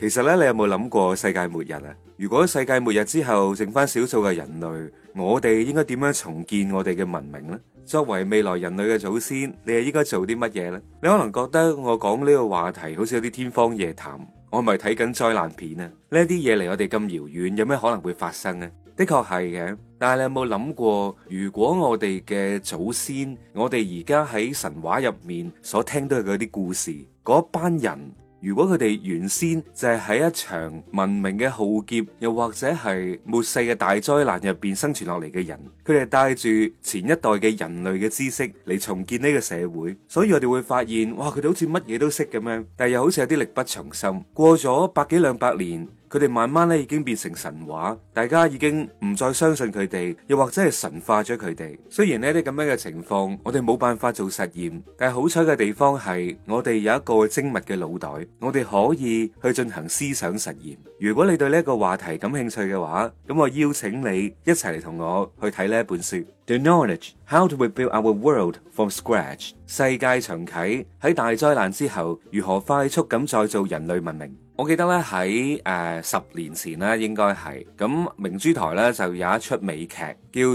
其實咧，你有冇諗過世界末日啊？如果世界末日之後剩翻少數嘅人類，我哋應該點樣重建我哋嘅文明呢？作為未來人類嘅祖先，你係應該做啲乜嘢呢？你可能覺得我講呢個話題好似有啲天方夜譚，我係咪睇緊災難片啊？呢啲嘢離我哋咁遙遠，有咩可能會發生呢？的確係嘅，但係你有冇諗過，如果我哋嘅祖先，我哋而家喺神話入面所聽到嘅嗰啲故事，嗰班人？如果佢哋原先就係喺一場文明嘅浩劫，又或者係末世嘅大災難入邊生存落嚟嘅人，佢哋帶住前一代嘅人類嘅知識嚟重建呢個社會，所以我哋會發現，哇，佢哋好似乜嘢都識咁樣，但又好似有啲力不從心。過咗百幾兩百年。佢哋慢慢咧已經變成神話，大家已經唔再相信佢哋，又或者係神化咗佢哋。雖然呢啲咁樣嘅情況，我哋冇辦法做實驗，但係好彩嘅地方係我哋有一個精密嘅腦袋，我哋可以去進行思想實驗。如果你對呢一個話題感興趣嘅話，咁我邀請你一齊嚟同我去睇呢一本書《The Knowledge:How to Rebuild Our World from Scratch》。世界重啟喺大災難之後，如何快速咁再造人類文明？我記得咧喺誒十年前咧，應該係咁明珠台咧就有一出美劇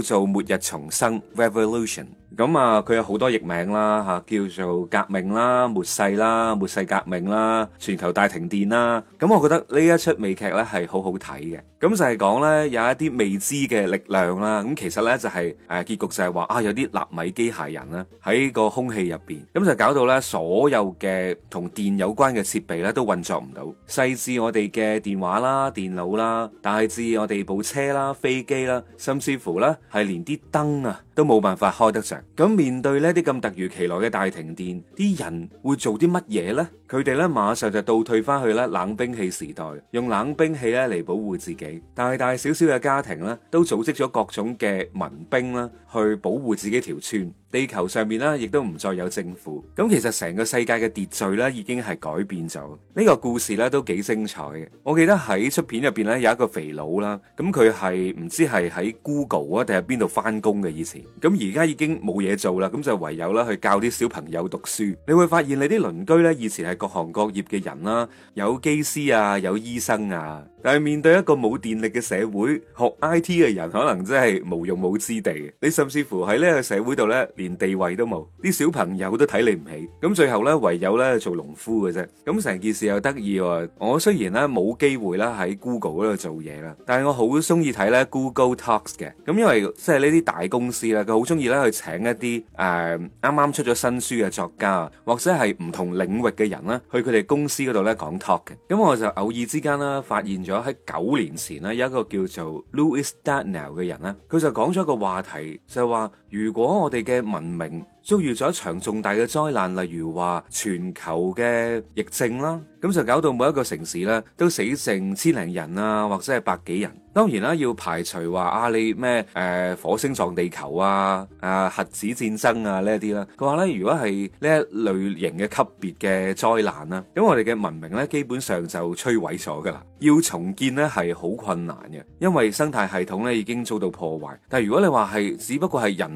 叫做《末日重生》（Revolution）。咁啊，佢有好多譯名啦，吓叫做革命啦、末世啦、末世革命啦、全球大停電啦。咁我覺得呢一出美劇呢係好好睇嘅。咁就係講呢有一啲未知嘅力量啦。咁其實呢就係誒結局就係話啊，有啲納米機械人咧喺個空氣入邊，咁就搞到呢所有嘅同電有關嘅設備呢都運作唔到。細至我哋嘅電話啦、電腦啦，大至我哋部車啦、飛機啦，甚至乎呢係連啲燈啊都冇辦法開得上。咁面對呢啲咁突如其來嘅大停電，啲人會做啲乜嘢呢？佢哋咧馬上就倒退翻去咧冷兵器時代，用冷兵器咧嚟保護自己。大大小小嘅家庭咧都組織咗各種嘅民兵啦，去保護自己條村。地球上面咧亦都唔再有政府。咁其實成個世界嘅秩序咧已經係改變咗。呢個故事咧都幾精彩嘅。我記得喺出片入邊咧有一個肥佬啦，咁佢係唔知係喺 Google 啊定係邊度翻工嘅以前，咁而家已經冇嘢做啦，咁就唯有啦去教啲小朋友讀書。你會發現你啲鄰居咧以前係。各行各業嘅人啦，有機師啊，有醫生啊。但係面對一個冇電力嘅社會，學 IT 嘅人可能真係無用武之地。你甚至乎喺呢個社會度咧，連地位都冇，啲小朋友都睇你唔起。咁最後咧，唯有咧做農夫嘅啫。咁成件事又得意喎！我雖然咧冇機會啦喺 Google 嗰度做嘢啦，但係我好中意睇咧 Google Talks 嘅。咁因為即係呢啲大公司咧，佢好中意咧去請一啲誒啱啱出咗新書嘅作家，或者係唔同領域嘅人咧，去佢哋公司嗰度咧講 talk 嘅。咁我就偶爾之間啦，發現咗。喺九年前咧，有一個叫做 Lewis Dartnell 嘅人咧，佢就講咗一個話題，就係、是、話。如果我哋嘅文明遭遇咗一場重大嘅災難，例如話全球嘅疫症啦，咁就搞到每一個城市咧都死剩千零人啊，或者係百幾人。當然啦，要排除話啊你咩誒、呃、火星撞地球啊，誒、啊、核子戰爭啊呢一啲啦。佢話咧，如果係呢一類型嘅級別嘅災難啦，咁我哋嘅文明咧基本上就摧毀咗噶啦，要重建咧係好困難嘅，因為生態系統咧已經遭到破壞。但係如果你話係只不過係人。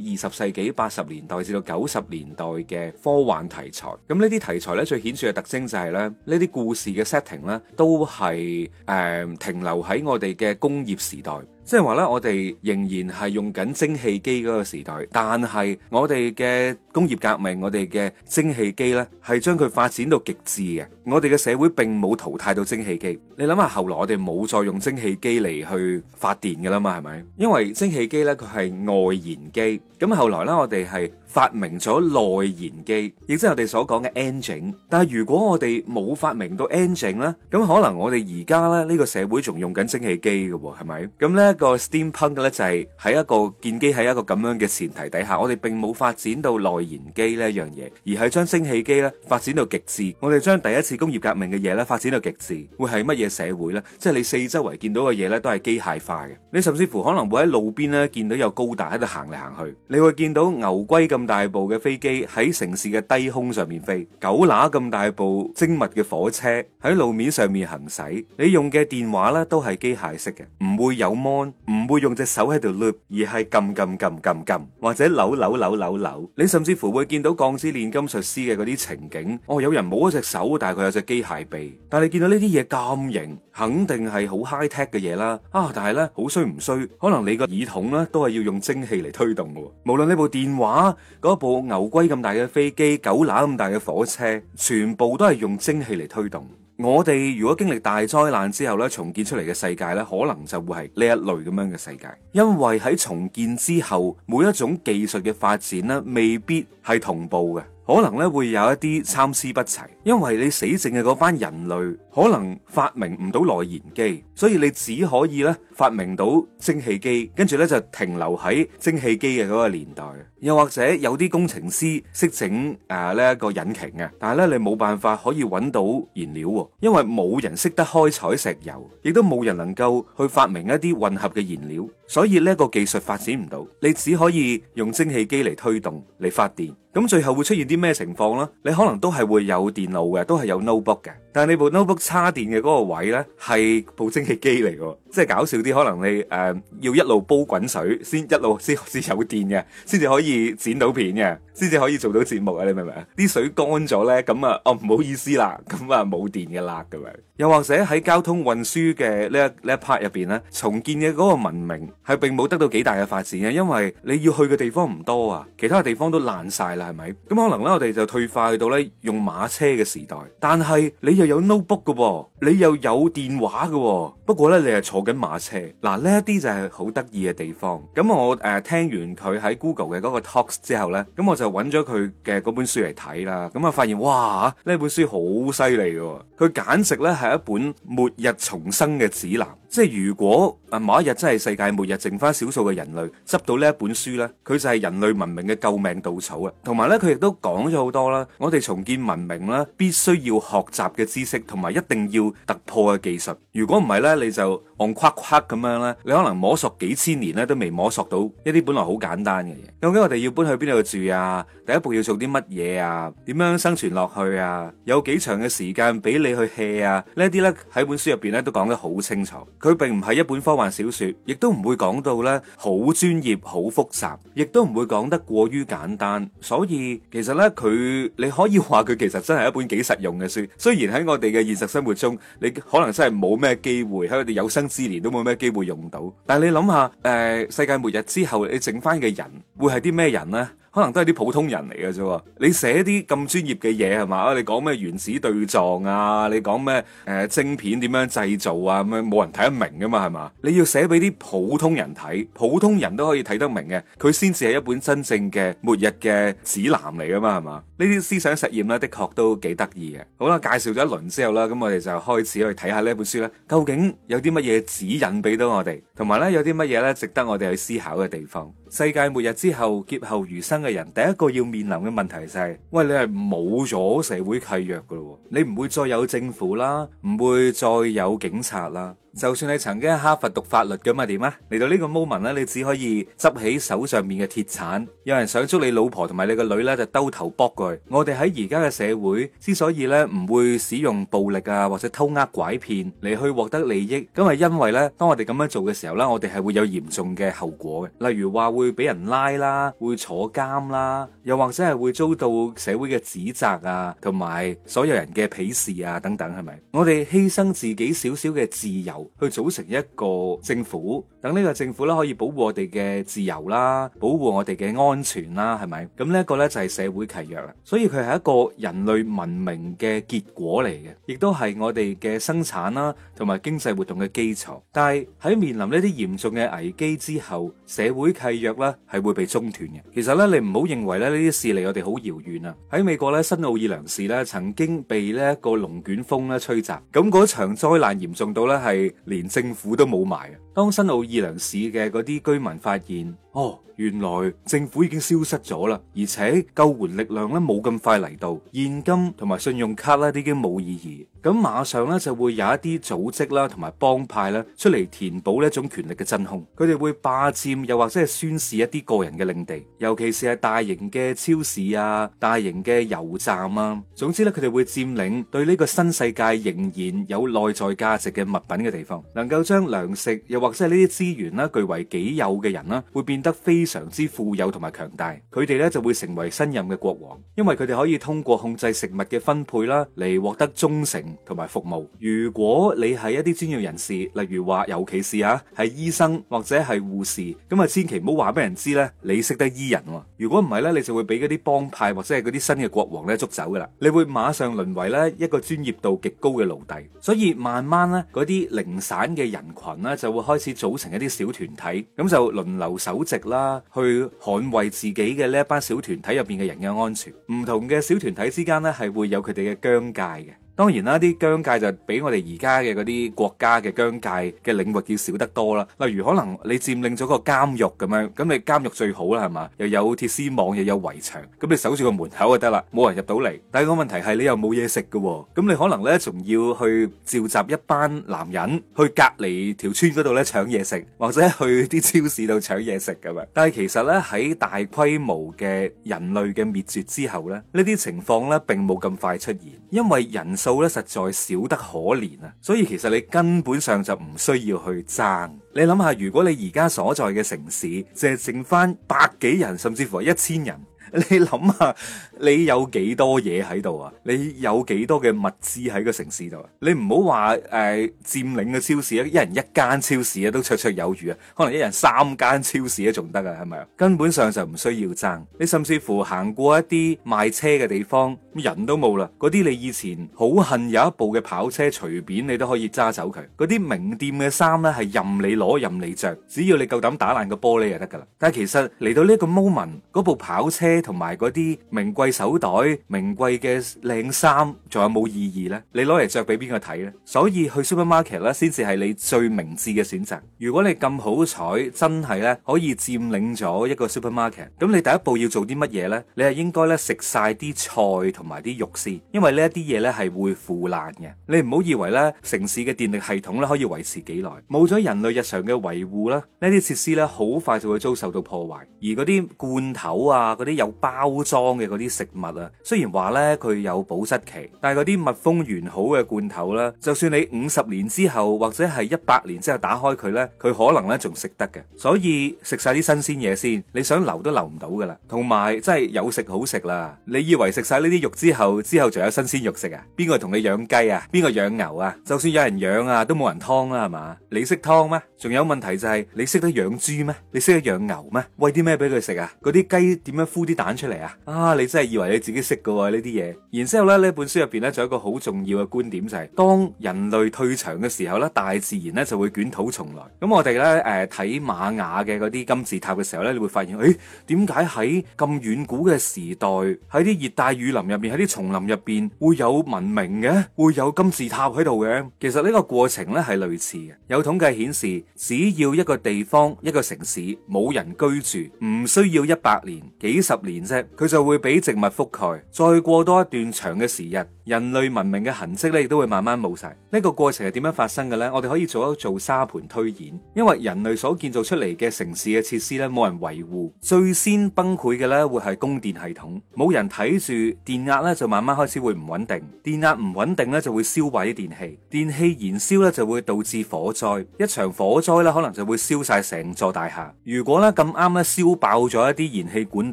二十世紀八十年代至到九十年代嘅科幻題材，咁呢啲題材呢，最顯著嘅特徵就係呢呢啲故事嘅 setting 呢都係誒、呃、停留喺我哋嘅工業時代。即係話咧，我哋仍然係用緊蒸汽機嗰個時代，但係我哋嘅工業革命，我哋嘅蒸汽機呢係將佢發展到極致嘅。我哋嘅社會並冇淘汰到蒸汽機，你諗下，後來我哋冇再用蒸汽機嚟去發電噶啦嘛，係咪？因為蒸汽機呢，佢係外燃機，咁後來呢，我哋係。發明咗內燃機，亦即係我哋所講嘅 engine。但係如果我哋冇發明到 engine 咧，咁可能我哋而家咧呢個社會仲用緊蒸汽機嘅，係咪？咁呢一個 Steam Punk 咧就係喺一個建基喺一個咁樣嘅前提底下，我哋並冇發展到內燃機呢一樣嘢，而係將蒸汽機咧發展到極致。我哋將第一次工業革命嘅嘢咧發展到極致，會係乜嘢社會咧？即係你四周圍見到嘅嘢咧都係機械化嘅。你甚至乎可能會喺路邊咧見到有高達喺度行嚟行去，你會見到牛龜咁。咁大部嘅飛機喺城市嘅低空上面飛，狗乸咁大部精密嘅火車喺路面上面行駛。你用嘅電話呢都係機械式嘅，唔會有 mon，唔會用隻手喺度 lift，而係撳撳撳撳撳或者扭扭扭扭扭、扭。你甚至乎會見到鋼之煉金術師嘅嗰啲情景，哦，有人冇咗隻手，但係佢有隻機械臂。但係你見到呢啲嘢咁型，肯定係好 high tech 嘅嘢啦，啊！但係呢，好衰唔衰？可能你個耳筒呢都係要用蒸汽嚟推動嘅。無論呢部電話、嗰部牛龜咁大嘅飛機、狗乸咁大嘅火車，全部都係用蒸汽嚟推動。我哋如果經歷大災難之後呢，重建出嚟嘅世界呢，可能就會係呢一類咁樣嘅世界，因為喺重建之後，每一種技術嘅發展呢，未必係同步嘅。可能咧會有一啲參差不齊，因為你死剩嘅嗰班人類可能發明唔到內燃機。所以你只可以咧發明到蒸汽機，跟住咧就停留喺蒸汽機嘅嗰個年代。又或者有啲工程師識整誒呢一個引擎嘅，但係咧你冇辦法可以揾到燃料哦，因為冇人識得開採石油，亦都冇人能夠去發明一啲混合嘅燃料，所以呢個技術發展唔到。你只可以用蒸汽機嚟推動嚟發電。咁最後會出現啲咩情況咧？你可能都係會有電腦嘅，都係有 notebook 嘅，但係你部 notebook 插電嘅嗰個位咧係部蒸機嚟嘅，即係搞笑啲，可能你誒、呃、要一路煲滾水，先一路先先有電嘅，先至可以剪到片嘅，先至可以做到節目啊！你明唔明啊？啲水乾咗呢，咁啊，哦唔好意思啦，咁啊冇電嘅啦，咁樣。樣又或者喺交通運輸嘅呢一呢一 part 入邊呢，重建嘅嗰個文明係並冇得到幾大嘅發展嘅，因為你要去嘅地方唔多啊，其他嘅地方都爛晒啦，係咪？咁可能呢，我哋就退化到呢，用馬車嘅時代。但係你又有 notebook 嘅、哦，你又有電話嘅、哦。不過咧，你係坐緊馬車嗱，呢一啲就係好得意嘅地方。咁我誒聽完佢喺 Google 嘅嗰個 Talks 之後咧，咁我就揾咗佢嘅嗰本書嚟睇啦。咁啊，發現哇，呢本書好犀利嘅，佢簡直咧係一本末日重生嘅指南。即係如果啊某一日真係世界末日，剩翻少數嘅人類執到呢一本書咧，佢就係人類文明嘅救命稻草啊！同埋咧，佢亦都講咗好多啦，我哋重建文明啦，必須要學習嘅知識同埋一定要突破嘅技術。如果唔係咧，你就戇誇誇咁樣啦。你可能摸索幾千年咧，都未摸索到一啲本來好簡單嘅嘢。究竟我哋要搬去邊度住啊？第一步要做啲乜嘢啊？點樣生存落去啊？有幾長嘅時間俾你去 hea 啊？呢啲咧喺本書入邊咧都講得好清楚。佢並唔係一本科幻小説，亦都唔會講到咧好專業、好複雜，亦都唔會講得過於簡單。所以其實呢，佢你可以話佢其實真係一本幾實用嘅書。雖然喺我哋嘅現實生活中，你可能真係冇咩機會。喺我哋有生之年都冇咩機會用到，但係你諗下，誒、呃，世界末日之後你整翻嘅人會係啲咩人咧？可能都係啲普通人嚟嘅啫。你寫啲咁專業嘅嘢係嘛？你講咩原子對撞啊？你講咩誒、晶片點樣製造啊？咁樣冇人睇得明噶嘛？係嘛？你要寫俾啲普通人睇，普通人都可以睇得明嘅，佢先至係一本真正嘅末日嘅指南嚟噶嘛？係嘛？呢啲思想實驗呢，的確都幾得意嘅。好啦，介紹咗一輪之後啦，咁我哋就開始去睇下呢本書咧，究竟有啲乜嘢指引俾到我哋，同埋呢，有啲乜嘢呢？值得我哋去思考嘅地方。世界末日之後，劫後餘生嘅人，第一個要面臨嘅問題就係：喂，你係冇咗社會契約嘅咯，你唔會再有政府啦，唔會再有警察啦。就算你曾經喺哈佛讀法律噶嘛，點啊？嚟到呢個 moment 呢，你只可以執起手上面嘅鐵鏟。有人想捉你老婆同埋你個女呢，就兜頭搏佢。我哋喺而家嘅社會之所以呢，唔會使用暴力啊，或者偷呃拐騙嚟去獲得利益，咁係因為呢，當我哋咁樣做嘅時候呢，我哋係會有嚴重嘅後果嘅。例如話會俾人拉啦，會坐監啦，又或者係會遭到社會嘅指責啊，同埋所有人嘅鄙視啊，等等係咪？我哋犧牲自己少少嘅自由，去組成一個政府，等呢個政府咧可以保護我哋嘅自由啦，保護我哋嘅安全啦，係咪？咁呢個咧就係社會契約啦，所以佢係一個人類文明嘅結果嚟嘅，亦都係我哋嘅生產啦，同埋經濟活動嘅基礎。但係喺面臨呢啲嚴重嘅危機之後，社會契約咧係會被中斷嘅。其實咧，你唔好認為咧呢啲事離我哋好遙遠啊！喺美國咧，新奧爾良市咧曾經被呢個龍捲風咧吹襲，咁嗰場災難嚴重到咧係。連政府都冇埋啊！當新奧爾良市嘅嗰啲居民發現，哦，原來政府已經消失咗啦，而且救援力量咧冇咁快嚟到，現金同埋信用卡咧都已經冇意義，咁馬上咧就會有一啲組織啦同埋幫派啦出嚟填補呢一種權力嘅真空，佢哋會霸佔又或者係宣示一啲個人嘅領地，尤其是係大型嘅超市啊、大型嘅油站啊，總之咧佢哋會佔領對呢個新世界仍然有內在價值嘅物品嘅地方，能夠將糧食又或或者係呢啲資源啦，據為己有嘅人啦，會變得非常之富有同埋強大。佢哋咧就會成為新任嘅國王，因為佢哋可以通過控制食物嘅分配啦，嚟獲得忠誠同埋服務。如果你係一啲專業人士，例如話，尤其是吓係醫生或者係護士，咁啊千祈唔好話俾人知咧，你識得醫人。如果唔係呢，你就會俾嗰啲幫派或者係嗰啲新嘅國王咧捉走噶啦，你會馬上淪為咧一個專業度極高嘅奴隸。所以慢慢呢，嗰啲零散嘅人群呢，就會開。開始組成一啲小團體，咁就輪流守值啦，去捍衛自己嘅呢一班小團體入邊嘅人嘅安全。唔同嘅小團體之間呢，係會有佢哋嘅疆界嘅。當然啦，啲疆界就比我哋而家嘅嗰啲國家嘅疆界嘅領域要少得多啦。例如可能你佔領咗個監獄咁樣，咁你監獄最好啦，係嘛？又有鐵絲網又有圍牆，咁你守住個門口就得啦，冇人入到嚟。但係個問題係你又冇嘢食㗎喎，咁你可能呢，仲要去召集一班男人去隔離條村嗰度呢搶嘢食，或者去啲超市度搶嘢食咁樣。但係其實呢，喺大規模嘅人類嘅滅絕之後呢，呢啲情況呢，並冇咁快出現，因為人。到咧，實在少得可憐啊！所以其實你根本上就唔需要去爭，你諗下，如果你而家所在嘅城市淨係剩翻百幾人，甚至乎一千人。你諗下你，你有幾多嘢喺度啊？你有幾多嘅物資喺個城市度啊？你唔好話誒，佔、呃、領嘅超市啊，一人一間超市啊，都綽綽有餘啊。可能一人三間超市都仲得啊，係咪啊？根本上就唔需要爭。你甚至乎行過一啲賣車嘅地方，人都冇啦。嗰啲你以前好恨有一部嘅跑車，隨便你都可以揸走佢。嗰啲名店嘅衫呢，係任你攞任你着，只要你夠膽打爛個玻璃就得噶啦。但係其實嚟到呢個 moment，嗰部跑車。同埋嗰啲名貴手袋、名貴嘅靚衫，仲有冇意義咧？你攞嚟着俾邊個睇咧？所以去 supermarket 咧，先至係你最明智嘅選擇。如果你咁好彩，真係咧可以佔領咗一個 supermarket，咁你第一步要做啲乜嘢咧？你係應該咧食晒啲菜同埋啲肉先，因為呢一啲嘢咧係會腐爛嘅。你唔好以為咧城市嘅電力系統咧可以維持幾耐，冇咗人類日常嘅維護啦，呢啲設施咧好快就會遭受到破壞。而嗰啲罐頭啊，嗰啲有包裝嘅嗰啲食物啊，雖然話呢，佢有保質期，但係嗰啲密封完好嘅罐頭啦，就算你五十年之後或者係一百年之後打開佢呢，佢可能呢仲食得嘅。所以食晒啲新鮮嘢先，你想留都留唔到噶啦。同埋真係有食好食啦，你以為食晒呢啲肉之後，之後仲有新鮮肉食啊？邊個同你養雞啊？邊個養牛啊？就算有人養啊，都冇人劏啦，啊，係嘛？你識劏咩？仲有問題就係你識得養豬咩？你識得養牛咩？餵啲咩俾佢食啊？嗰啲雞點樣孵啲蛋出嚟啊？啊！你真係以為你自己識㗎喎呢啲嘢。然之後咧，呢本書入邊咧，仲有一個好重要嘅觀點就係，當人類退場嘅時候咧，大自然咧就會捲土重來。咁我哋咧誒睇瑪雅嘅嗰啲金字塔嘅時候咧，你會發現，誒點解喺咁遠古嘅時代，喺啲熱帶雨林入邊，喺啲叢林入邊會有文明嘅，會有金字塔喺度嘅？其實呢個過程咧係類似嘅。有統計顯示，只要一個地方一個城市冇人居住，唔需要一百年，幾十年啫，佢就會俾植物覆蓋。再過多一段長嘅時日，人類文明嘅痕跡咧，亦都會慢慢冇晒。呢個過程係點樣發生嘅咧？我哋可以做一做沙盤推演，因為人類所建造出嚟嘅城市嘅設施咧，冇人維護，最先崩潰嘅咧會係供電系統，冇人睇住，電壓咧就慢慢開始會唔穩定，電壓唔穩定咧就會燒毀啲電器，電器燃燒咧就會導致火災，一場火。火災咧可能就會燒晒成座大廈。如果咧咁啱咧燒爆咗一啲燃氣管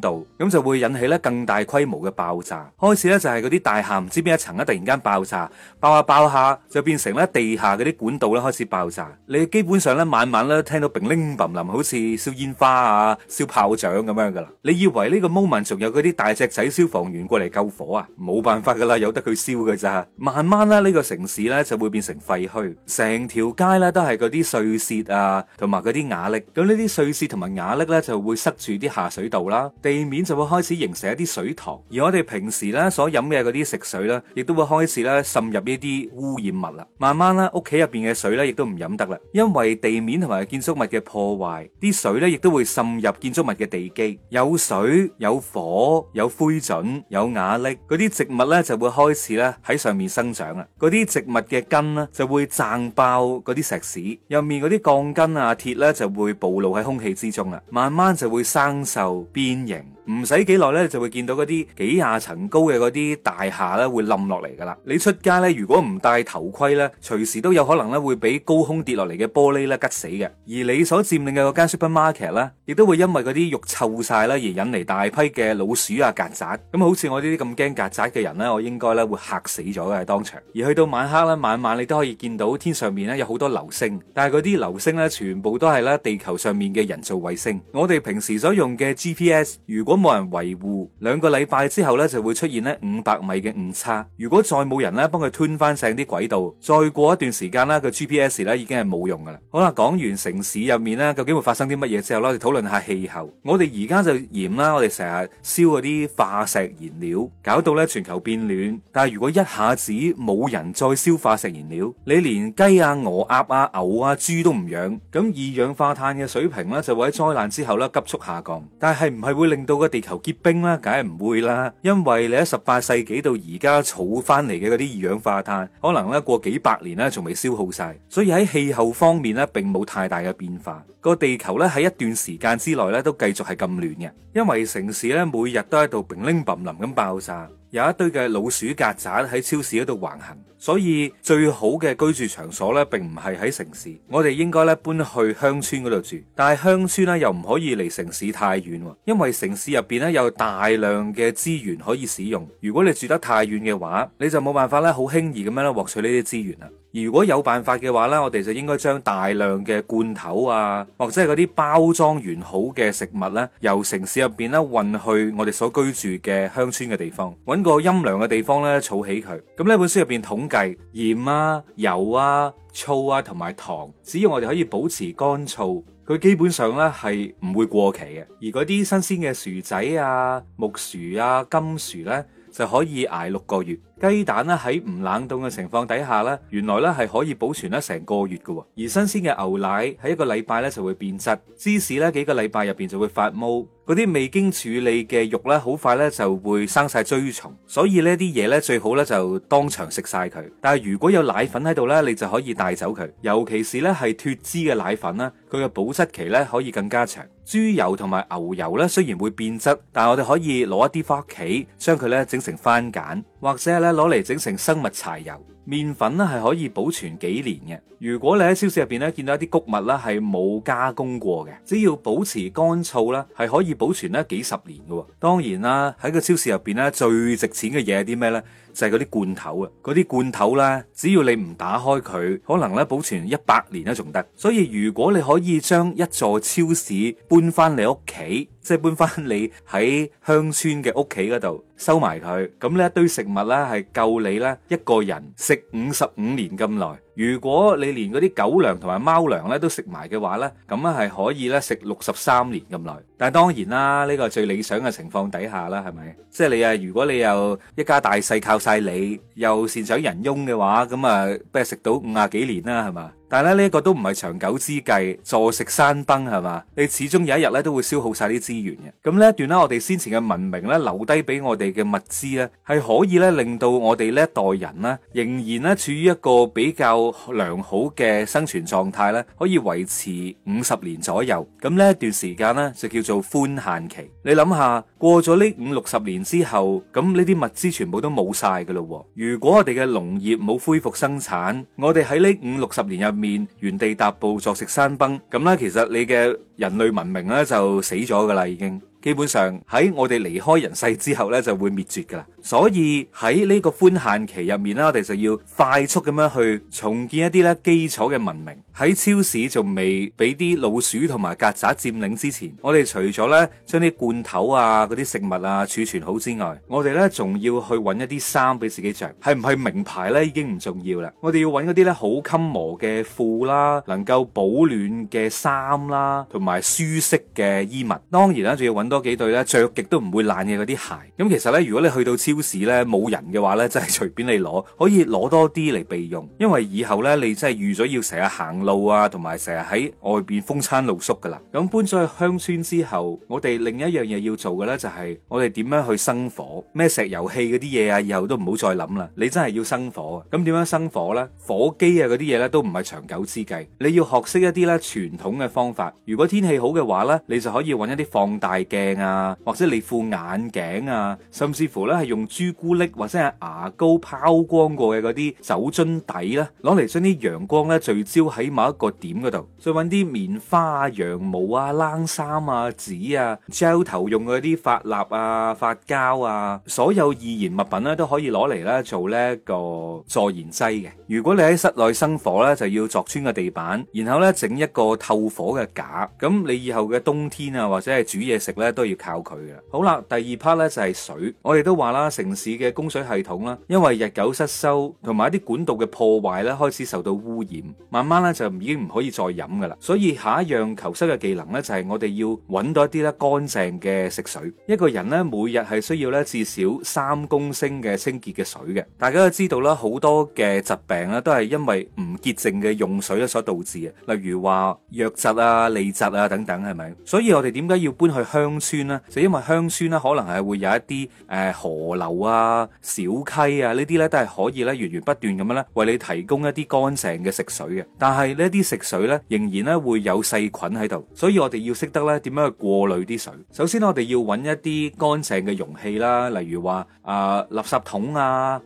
道，咁就會引起咧更大規模嘅爆炸。開始咧就係嗰啲大廈唔知邊一層咧突然間爆炸，爆下、啊、爆下、啊、就變成咧地下嗰啲管道咧開始爆炸。你基本上咧晚晚咧聽到乒呤乓啷，好似燒煙花啊、燒炮仗咁樣噶啦。你以為呢個 moment 仲有嗰啲大隻仔消防員過嚟救火啊？冇辦法噶啦，由得佢燒噶咋。慢慢咧呢、呢個城市咧就會變成廢墟，成條街咧都係嗰啲碎屑。啊，同埋嗰啲瓦礫，咁呢啲碎屑同埋瓦礫咧，就會塞住啲下水道啦，地面就會開始形成一啲水塘，而我哋平時咧所飲嘅嗰啲食水咧，亦都會開始咧滲入呢啲污染物啦。慢慢咧，屋企入邊嘅水咧，亦都唔飲得啦，因為地面同埋建築物嘅破壞，啲水咧亦都會滲入建築物嘅地基，有水有火有灰燼有瓦礫，嗰啲植物咧就會開始咧喺上面生長啦，嗰啲植物嘅根呢，就會掙爆嗰啲石屎入面嗰啲。鋼筋啊，鐵咧就會暴露喺空氣之中啦，慢慢就會生銹、變形。唔使幾耐咧，就會見到嗰啲幾廿層高嘅嗰啲大廈咧會冧落嚟噶啦。你出街咧，如果唔戴頭盔咧，隨時都有可能咧會俾高空跌落嚟嘅玻璃咧吉死嘅。而你所佔領嘅嗰間 supermarket 咧，亦都會因為嗰啲肉臭晒咧而引嚟大批嘅老鼠啊、曱甴。咁好似我呢啲咁驚曱甴嘅人咧，我應該咧會嚇死咗嘅當場。而去到晚黑咧，晚晚你都可以見到天上面咧有好多流星，但係嗰啲流星咧全部都係咧地球上面嘅人造衛星。我哋平時所用嘅 GPS 如果咁冇人維護，兩個禮拜之後咧就會出現咧五百米嘅誤差。如果再冇人咧幫佢吞翻正啲軌道，再過一段時間呢個 GPS 咧已經係冇用噶啦。好啦，講完城市入面呢，究竟會發生啲乜嘢之後啦，就討論下氣候。我哋而家就嚴啦，我哋成日燒嗰啲化石燃料，搞到呢全球變暖。但係如果一下子冇人再燒化石燃料，你連雞啊、鵝、鴨啊、牛啊、豬都唔養，咁二氧化碳嘅水平呢，就會喺災難之後呢急速下降。但係唔係會令到地球結冰啦，梗係唔會啦，因為你喺十八世紀到而家儲翻嚟嘅嗰啲二氧化碳，可能咧過幾百年咧仲未消耗晒，所以喺氣候方面咧，並冇太大嘅變化。個地球咧喺一段時間之內咧，都繼續係咁亂嘅，因為城市咧每日都喺度乒呤乓啷咁爆炸。有一堆嘅老鼠、曱甴喺超市嗰度橫行，所以最好嘅居住場所咧並唔係喺城市，我哋應該咧搬去鄉村嗰度住。但係鄉村咧又唔可以離城市太遠，因為城市入邊咧有大量嘅資源可以使用。如果你住得太遠嘅話，你就冇辦法咧好輕易咁樣咧獲取呢啲資源啦。如果有辦法嘅話呢，我哋就應該將大量嘅罐頭啊，或者係嗰啲包裝完好嘅食物呢，由城市入邊呢運去我哋所居住嘅鄉村嘅地方，揾個陰涼嘅地方呢儲起佢。咁呢本書入邊統計鹽啊、油啊、醋啊同埋糖，只要我哋可以保持乾燥，佢基本上呢係唔會過期嘅。而嗰啲新鮮嘅薯仔啊、木薯啊、甘薯呢，就可以捱六個月。雞蛋咧，喺唔冷凍嘅情況底下咧，原來咧，係可以保存得成個月㗎。而新鮮嘅牛奶喺一個禮拜咧，就會變質，芝士咧，幾個禮拜入邊就會發毛。嗰啲未經處理嘅肉呢，好快呢就會生晒蛆蟲，所以呢啲嘢呢最好呢就當場食晒佢。但係如果有奶粉喺度呢，你就可以帶走佢，尤其是呢係脫脂嘅奶粉啦，佢嘅保質期呢可以更加長。豬油同埋牛油呢雖然會變質，但係我哋可以攞一啲返屋企，將佢呢整成番梘，或者係呢攞嚟整成生物柴油。麵粉咧，係可以保存幾年嘅。如果你喺超市入邊咧，見到一啲穀物咧，係冇加工過嘅，只要保持乾燥啦，係可以保存咧幾十年嘅。當然啦，喺個超市入邊咧最值錢嘅嘢，係啲咩呢？就係嗰啲罐頭啊，嗰啲罐頭咧，只要你唔打開佢，可能呢保存一百年都仲得。所以如果你可以將一座超市搬翻你屋企，即係搬翻你喺鄉村嘅屋企嗰度收埋佢，咁呢一堆食物呢係夠你呢一個人食五十五年咁耐。如果你連嗰啲狗糧同埋貓糧咧都食埋嘅話呢，咁咧係可以咧食六十三年咁耐。但係當然啦，呢個最理想嘅情況底下啦，係咪？即係你啊，如果你又一家大細靠晒你，又善長仁翁嘅話，咁啊，不如食到五廿幾年啦，係嘛？但係呢一個都唔係長久之計，坐食山崩係嘛？你始終有一日咧都會消耗晒啲資源嘅。咁呢一段咧，我哋先前嘅文明咧留低俾我哋嘅物資咧，係可以咧令到我哋呢一代人咧仍然咧處於一個比較良好嘅生存狀態咧，可以維持五十年左右。咁呢一段時間咧就叫做寬限期。你諗下，過咗呢五六十年之後，咁呢啲物資全部都冇晒噶咯。如果我哋嘅農業冇恢復生產，我哋喺呢五六十年入面原地踏步，坐食山崩，咁咧，其實你嘅人類文明咧就死咗噶啦，已經基本上喺我哋離開人世之後咧就會滅絕噶啦，所以喺呢個寬限期入面咧，我哋就要快速咁樣去重建一啲咧基礎嘅文明。喺超市仲未俾啲老鼠同埋曱甴佔領之前，我哋除咗呢將啲罐頭啊、嗰啲食物啊儲存好之外，我哋呢仲要去揾一啲衫俾自己着。係唔係名牌呢？已經唔重要啦。我哋要揾嗰啲呢好襟磨嘅褲啦，能夠保暖嘅衫啦，同埋舒適嘅衣物。當然啦，仲要揾多幾對呢着極都唔會爛嘅嗰啲鞋。咁、嗯、其實呢，如果你去到超市呢，冇人嘅話呢，真係隨便你攞，可以攞多啲嚟備用，因為以後呢，你真係預咗要成日行路啊，同埋成日喺外邊風餐露宿噶啦。咁搬咗去鄉村之後，我哋另一樣嘢要做嘅呢，就係我哋點樣去生火？咩石油氣嗰啲嘢啊，以後都唔好再諗啦。你真係要生火，咁點樣生火呢？火機啊，嗰啲嘢呢，都唔係長久之計。你要學識一啲呢傳統嘅方法。如果天氣好嘅話呢，你就可以揾一啲放大鏡啊，或者你副眼鏡啊，甚至乎呢，係用朱古力或者係牙膏拋光過嘅嗰啲酒樽底呢，攞嚟將啲陽光呢聚焦喺。某一個點度，再搵啲棉花、羊毛啊、冷衫啊、紙啊、膠頭用嗰啲髮蠟啊、髮膠啊，所有易燃物品咧都可以攞嚟咧做呢一個助燃劑嘅。如果你喺室內生火咧，就要鑿穿個地板，然後咧整一個透火嘅架。咁你以後嘅冬天啊，或者係煮嘢食咧，都要靠佢噶好啦，第二 part 咧就係水。我哋都話啦，城市嘅供水系統啦，因為日久失修同埋一啲管道嘅破壞咧，開始受到污染，慢慢咧就。就已經唔可以再飲噶啦，所以下一樣求生嘅技能呢，就係、是、我哋要揾到一啲咧乾淨嘅食水。一個人呢，每日係需要咧至少三公升嘅清潔嘅水嘅。大家都知道啦，好多嘅疾病咧都係因為唔潔淨嘅用水咧所導致嘅，例如話瘧疾啊、痢疾啊等等，係咪？所以我哋點解要搬去鄉村呢？就因為鄉村咧可能係會有一啲誒、呃、河流啊、小溪啊呢啲呢，都係可以咧源源不斷咁樣咧為你提供一啲乾淨嘅食水嘅，但係。呢啲食水呢，仍然呢會有細菌喺度，所以我哋要識得呢點樣去過濾啲水。首先，我哋要揾一啲乾淨嘅容器啦，例如話啊、呃、垃圾桶啊，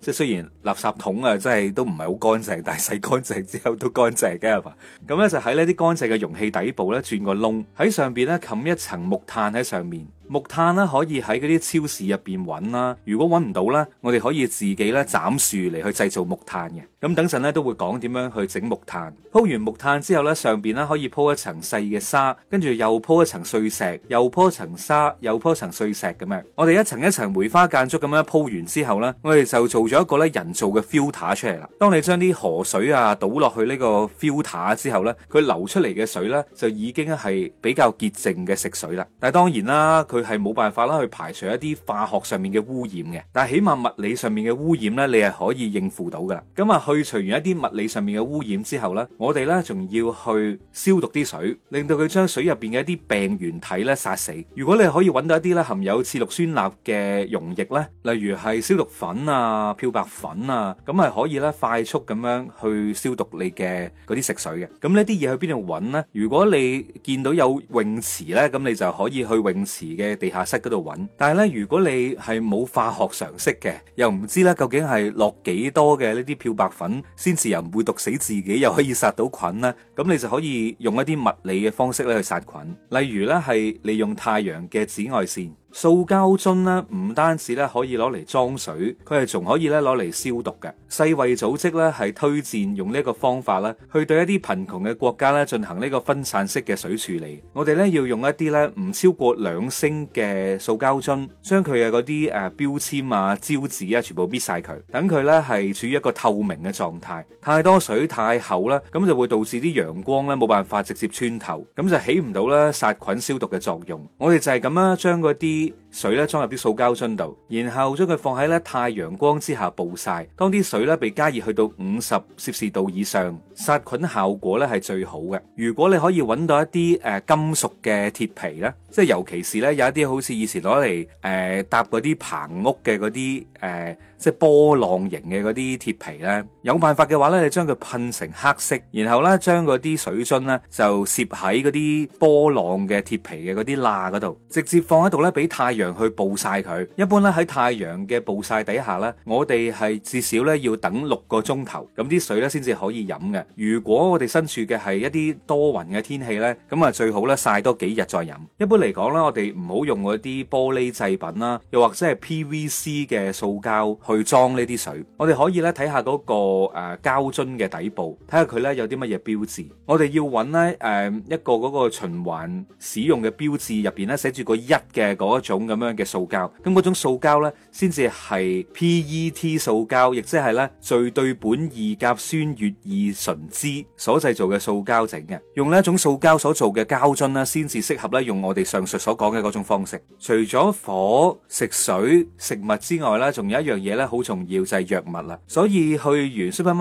即 係雖然垃圾桶啊，真係都唔係好乾淨，但係洗乾淨之後都乾淨嘅。咁呢 就喺呢啲乾淨嘅容器底部呢轉個窿，喺上邊呢冚一層木炭喺上面。木炭啦，可以喺嗰啲超市入邊揾啦。如果揾唔到呢，我哋可以自己呢斬樹嚟去製造木炭嘅。咁等陣呢，都會講點樣去整木炭。鋪完木炭之後呢，上邊呢可以鋪一層細嘅沙，跟住又鋪一層碎石，又鋪一層沙，又鋪一層碎石咁樣。我哋一層一層梅花間竹咁樣鋪完之後呢，我哋就做咗一個呢人造嘅 filter 出嚟啦。當你將啲河水啊倒落去呢個 filter 之後呢，佢流出嚟嘅水呢，就已經係比較潔淨嘅食水啦。但係當然啦，佢佢，係冇辦法啦，去排除一啲化學上面嘅污染嘅。但係起碼物理上面嘅污染咧，你係可以應付到噶啦。咁、嗯、啊，去除完一啲物理上面嘅污染之後咧，我哋咧仲要去消毒啲水，令到佢將水入邊嘅一啲病原體咧殺死。如果你可以揾到一啲咧含有次氯酸鈉嘅溶液咧，例如係消毒粉啊、漂白粉啊，咁係可以咧快速咁樣去消毒你嘅嗰啲食水嘅。咁、嗯、呢啲嘢去邊度揾咧？如果你見到有泳池咧，咁你就可以去泳池嘅。地下室嗰度揾，但係咧，如果你係冇化學常識嘅，又唔知咧究竟係落幾多嘅呢啲漂白粉，先至又唔會毒死自己，又可以殺到菌咧。咁你就可以用一啲物理嘅方式咧去殺菌，例如咧係利用太陽嘅紫外線。塑膠樽咧，唔單止咧可以攞嚟裝水，佢係仲可以咧攞嚟消毒嘅。世衛組織咧係推薦用呢一個方法啦，去對一啲貧窮嘅國家咧進行呢個分散式嘅水處理。我哋咧要用一啲咧唔超過兩升嘅塑膠樽，將佢嘅嗰啲誒標籤啊、膠紙啊，全部搣晒佢，等佢咧係處於一個透明嘅狀態。太多水太厚啦，咁就會導致啲陽光咧冇辦法直接穿透，咁就起唔到咧殺菌消毒嘅作用。我哋就係咁啦，將嗰啲。啲水咧裝入啲塑膠樽度，然後將佢放喺咧太陽光之下暴曬。當啲水咧被加熱去到五十攝氏度以上，殺菌效果咧係最好嘅。如果你可以揾到一啲誒、呃、金屬嘅鐵皮咧，即係尤其是咧有一啲好似以前攞嚟誒搭嗰啲棚屋嘅嗰啲誒。呃即係波浪形嘅嗰啲鐵皮呢，有辦法嘅話呢，你將佢噴成黑色，然後呢，將嗰啲水樽呢就攝喺嗰啲波浪嘅鐵皮嘅嗰啲罅嗰度，直接放喺度呢，俾太陽去暴曬佢。一般咧喺太陽嘅暴曬底下呢，我哋係至少呢要等六個鐘頭，咁啲水呢先至可以飲嘅。如果我哋身處嘅係一啲多雲嘅天氣呢，咁啊最好呢，曬多幾日再飲。一般嚟講咧，我哋唔好用嗰啲玻璃製品啦，又或者係 PVC 嘅塑膠。去裝呢啲水，我哋可以咧睇下嗰、那個誒、呃、膠樽嘅底部，睇下佢咧有啲乜嘢標誌。我哋要揾咧誒一個嗰個循環使用嘅標誌入邊咧寫住、那個一嘅嗰一種咁樣嘅塑膠，咁、嗯、嗰種塑膠咧先至係 PET 塑膠，亦即係咧聚對苯二甲酸乙二醇酯所製造嘅塑膠整嘅。用呢一種塑膠所做嘅膠樽咧，先至適合咧用我哋上述所講嘅嗰種方式。除咗火、食水、食物之外咧，仲有一樣嘢好重要就係藥物啦，所以去完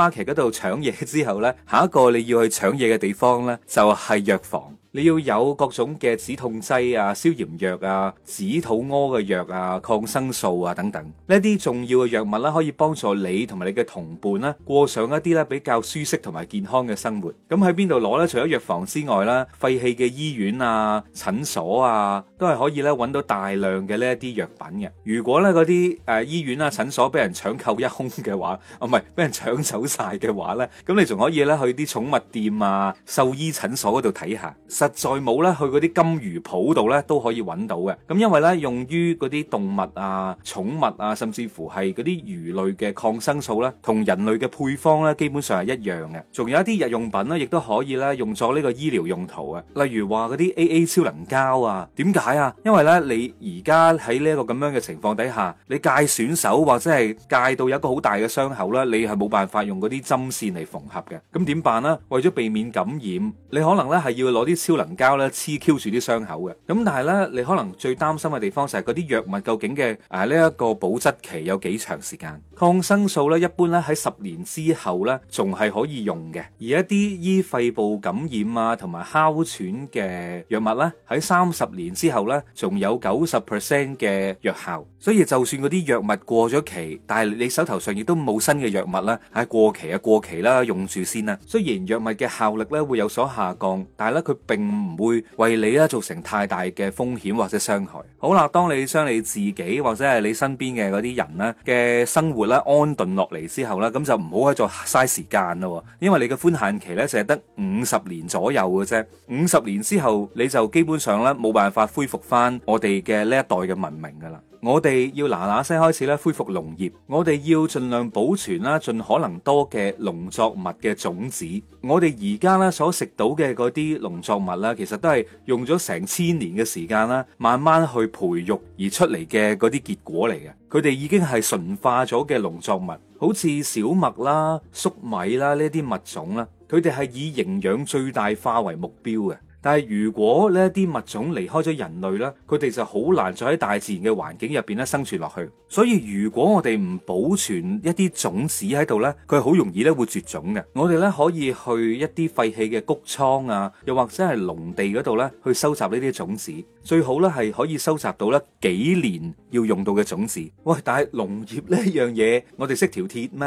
Supermarket 嗰度搶嘢之後咧，下一個你要去搶嘢嘅地方咧就係藥房。你要有各種嘅止痛劑啊、消炎藥啊、止肚屙嘅藥啊、抗生素啊等等呢啲重要嘅藥物啦，可以幫助你同埋你嘅同伴啦過上一啲咧比較舒適同埋健康嘅生活。咁喺邊度攞呢？除咗藥房之外啦，廢棄嘅醫院啊、診所啊，都係可以咧揾到大量嘅呢一啲藥品嘅。如果呢嗰啲誒醫院啊、診所俾人搶購一空嘅話，哦唔係俾人搶走晒嘅話呢，咁你仲可以咧去啲寵物店啊、獸醫診所嗰度睇下。實在冇咧，去嗰啲金魚鋪度咧都可以揾到嘅。咁因為咧，用於嗰啲動物啊、寵物啊，甚至乎係嗰啲魚類嘅抗生素咧，同人類嘅配方咧，基本上係一樣嘅。仲有一啲日用品咧，亦都可以咧用作呢個醫療用途啊。例如話嗰啲 AA 超能膠啊，點解啊？因為咧，你而家喺呢一個咁樣嘅情況底下，你戒損手或者係戒到有一個好大嘅傷口咧，你係冇辦法用嗰啲針線嚟縫合嘅。咁點辦呢？為咗避免感染，你可能咧係要攞啲。超能膠咧，黐 Q 住啲傷口嘅。咁但係咧，你可能最擔心嘅地方就係嗰啲藥物究竟嘅誒呢一個保質期有幾長時間？抗生素咧，一般咧喺十年之後咧，仲係可以用嘅。而一啲醫肺部感染啊、同埋哮喘嘅藥物咧，喺三十年之後咧，仲有九十 percent 嘅藥效。所以就算嗰啲藥物過咗期，但係你手頭上亦都冇新嘅藥物啦。係，過期啊，過期啦，用住先啦。雖然藥物嘅效力咧會有所下降，但係咧佢並唔會為你咧造成太大嘅風險或者傷害。好啦，當你將你自己或者係你身邊嘅嗰啲人咧嘅生活咧安頓落嚟之後咧，咁就唔好喺度嘥時間咯。因為你嘅寬限期咧淨係得五十年左右嘅啫。五十年之後，你就基本上咧冇辦法恢復翻我哋嘅呢一代嘅文明噶啦。我哋要嗱嗱聲開始咧恢復農業，我哋要盡量保存啦，盡可能多嘅農作物嘅種子。我哋而家呢所食到嘅嗰啲農作物啦，其實都係用咗成千年嘅時間啦，慢慢去培育而出嚟嘅嗰啲結果嚟嘅。佢哋已經係純化咗嘅農作物，好似小麥啦、粟米啦呢啲物種啦，佢哋係以營養最大化為目標嘅。但係如果呢啲物種離開咗人類呢，佢哋就好難再喺大自然嘅環境入邊咧生存落去。所以如果我哋唔保存一啲種子喺度呢，佢好容易咧會絕種嘅。我哋呢可以去一啲廢棄嘅谷倉啊，又或者係農地嗰度呢去收集呢啲種子。最好呢係可以收集到咧幾年要用到嘅種子。喂，但係農業呢一樣嘢，我哋識條鐵咩？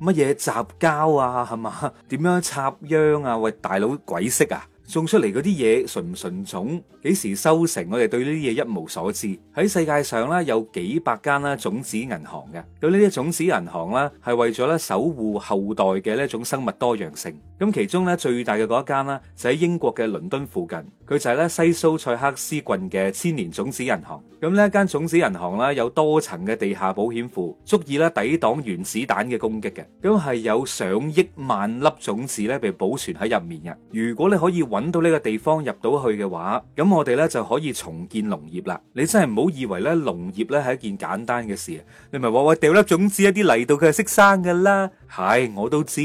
乜嘢雜交啊？係嘛？點樣插秧啊？喂，大佬鬼識啊？種出嚟嗰啲嘢純唔純種，幾時收成，我哋對呢啲嘢一無所知。喺世界上咧有幾百間啦種子銀行嘅，咁呢啲種子銀行咧係為咗咧守護後代嘅呢一種生物多樣性。咁其中咧最大嘅嗰一間啦就喺英國嘅倫敦附近，佢就係咧西蘇塞克斯郡嘅千年種子銀行。咁呢一間種子銀行啦有多層嘅地下保險庫，足以咧抵擋原子彈嘅攻擊嘅。咁係有上億萬粒種子咧被保存喺入面嘅。如果你可以揾。等到呢個地方入到去嘅話，咁我哋咧就可以重建農業啦。你真係唔好以為咧農業咧係一件簡單嘅事，你咪話喂掉，粒種子一啲嚟，到佢係識生嘅啦。係、哎、我都知。